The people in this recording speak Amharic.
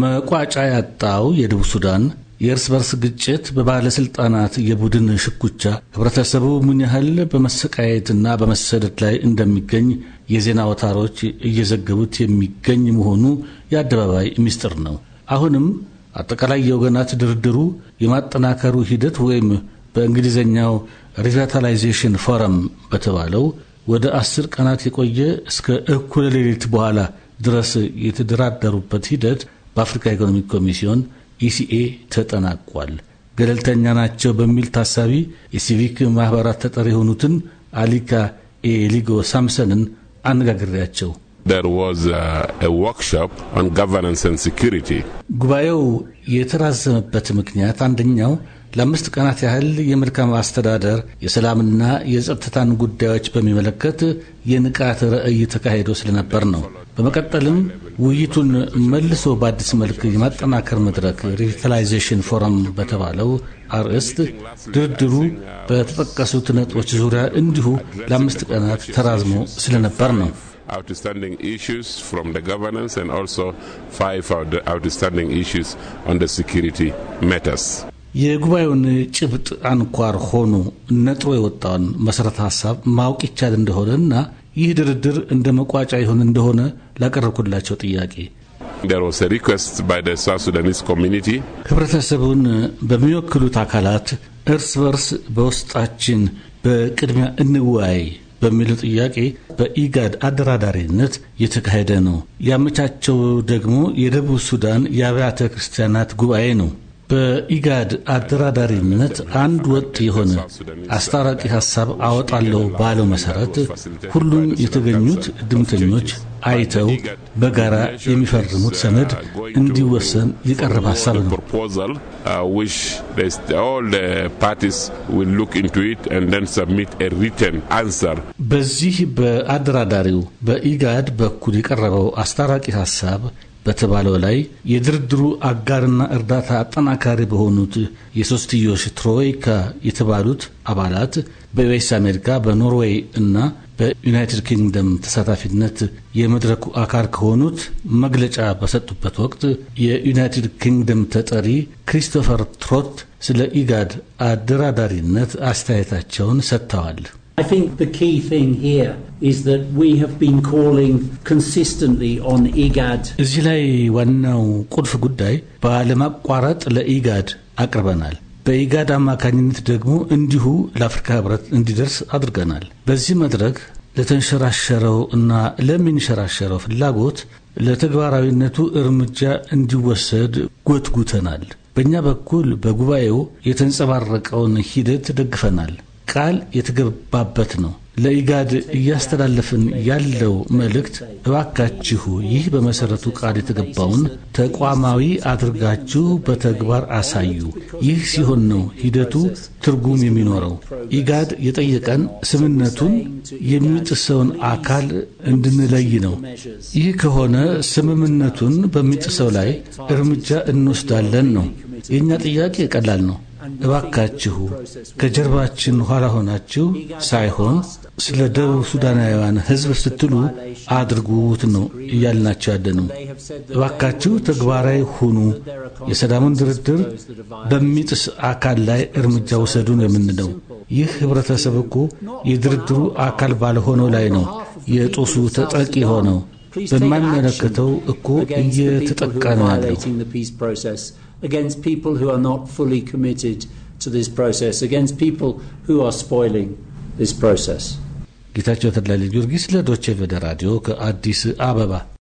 መቋጫ ያጣው የደቡብ ሱዳን የእርስ በርስ ግጭት በባለሥልጣናት የቡድን ሽኩቻ ህብረተሰቡ ምን ያህል በመሰቃየትና በመሰደድ ላይ እንደሚገኝ የዜና አውታሮች እየዘገቡት የሚገኝ መሆኑ የአደባባይ ምስጢር ነው። አሁንም አጠቃላይ የወገናት ድርድሩ የማጠናከሩ ሂደት ወይም በእንግሊዝኛው ሪቫይታላይዜሽን ፎረም በተባለው ወደ አስር ቀናት የቆየ እስከ እኩለ ሌሊት በኋላ ድረስ የተደራደሩበት ሂደት በአፍሪካ ኢኮኖሚክ ኮሚሽን ኢሲኤ ተጠናቋል። ገለልተኛ ናቸው በሚል ታሳቢ የሲቪክ ማህበራት ተጠሪ የሆኑትን አሊካ ኤሊጎ ሳምሰንን አነጋግሬያቸው ጉባኤው የተራዘመበት ምክንያት አንደኛው ለአምስት ቀናት ያህል የመልካም አስተዳደር የሰላምና የጸጥታን ጉዳዮች በሚመለከት የንቃት ርዕይ ተካሂዶ ስለነበር ነው። በመቀጠልም ውይይቱን መልሶ በአዲስ መልክ የማጠናከር መድረክ ሪቪታላይዜሽን ፎረም በተባለው አርዕስት ድርድሩ በተጠቀሱት ነጥቦች ዙሪያ እንዲሁ ለአምስት ቀናት ተራዝሞ ስለነበር ነው። outstanding issues from the governance and also five outstanding issues on the security matters. የጉባኤውን ጭብጥ አንኳር ሆኖ ነጥሮ የወጣውን መሰረተ ሀሳብ ማወቅ ይቻል እንደሆነ እና ይህ ድርድር እንደ መቋጫ ይሆን እንደሆነ ላቀረብኩላቸው ጥያቄ ህብረተሰቡን በሚወክሉት አካላት እርስ በርስ በውስጣችን በቅድሚያ እንወያይ በሚለው ጥያቄ በኢጋድ አደራዳሪነት የተካሄደ ነው። ያመቻቸው ደግሞ የደቡብ ሱዳን የአብያተ ክርስቲያናት ጉባኤ ነው። በኢጋድ አደራዳሪነት አንድ ወጥ የሆነ አስታራቂ ሀሳብ አወጣለሁ ባለው መሰረት ሁሉም የተገኙት ድምተኞች አይተው በጋራ የሚፈርሙት ሰነድ እንዲወሰን የቀረበ ሀሳብ ነው። uh, በዚህ በአደራዳሪው በኢጋድ በኩል የቀረበው አስታራቂ ሀሳብ በተባለው ላይ የድርድሩ አጋርና እርዳታ አጠናካሪ በሆኑት የሶስትዮሽ ትሮይካ የተባሉት አባላት በዩኤስ አሜሪካ፣ በኖርዌይ እና በዩናይትድ ኪንግደም ተሳታፊነት የመድረኩ አካል ከሆኑት መግለጫ በሰጡበት ወቅት የዩናይትድ ኪንግደም ተጠሪ ክሪስቶፈር ትሮት ስለ ኢጋድ አደራዳሪነት አስተያየታቸውን ሰጥተዋል። I think the key thing here is that we have been calling consistently on IGAD. እዚህ ላይ ዋናው ቁልፍ ጉዳይ ባለማቋረጥ ለኢጋድ አቅርበናል። በኢጋድ አማካኝነት ደግሞ እንዲሁ ለአፍሪካ ህብረት እንዲደርስ አድርገናል። በዚህ መድረክ ለተንሸራሸረው እና ለሚንሸራሸረው ፍላጎት ለተግባራዊነቱ እርምጃ እንዲወሰድ ጎትጉተናል። በእኛ በኩል በጉባኤው የተንጸባረቀውን ሂደት ደግፈናል። ቃል የተገባበት ነው። ለኢጋድ እያስተላለፍን ያለው መልእክት እባካችሁ ይህ በመሰረቱ ቃል የተገባውን ተቋማዊ አድርጋችሁ በተግባር አሳዩ። ይህ ሲሆን ነው ሂደቱ ትርጉም የሚኖረው። ኢጋድ የጠየቀን ስምነቱን የሚጥሰውን አካል እንድንለይ ነው። ይህ ከሆነ ስምምነቱን በሚጥሰው ላይ እርምጃ እንወስዳለን ነው። የእኛ ጥያቄ ቀላል ነው። እባካችሁ ከጀርባችን ኋላ ሆናችሁ ሳይሆን ስለ ደቡብ ሱዳናውያን ሕዝብ ስትሉ አድርጉት ነው እያልናቸው ያለነው። እባካችሁ ተግባራዊ ሁኑ፣ የሰላሙን ድርድር በሚጥስ አካል ላይ እርምጃ ውሰዱ ነው የምንለው። ይህ ህብረተሰብ እኮ የድርድሩ አካል ባልሆነው ላይ ነው የጦሱ ተጠቂ ሆነው በማይመለከተው እኮ እየተጠቃ ነው ያለው። against people who are not fully committed to this process, against people who are spoiling this process. ጌታቸው ተድላ ለጊዮርጊስ ለዶቼ ቬለ ራዲዮ ከአዲስ አበባ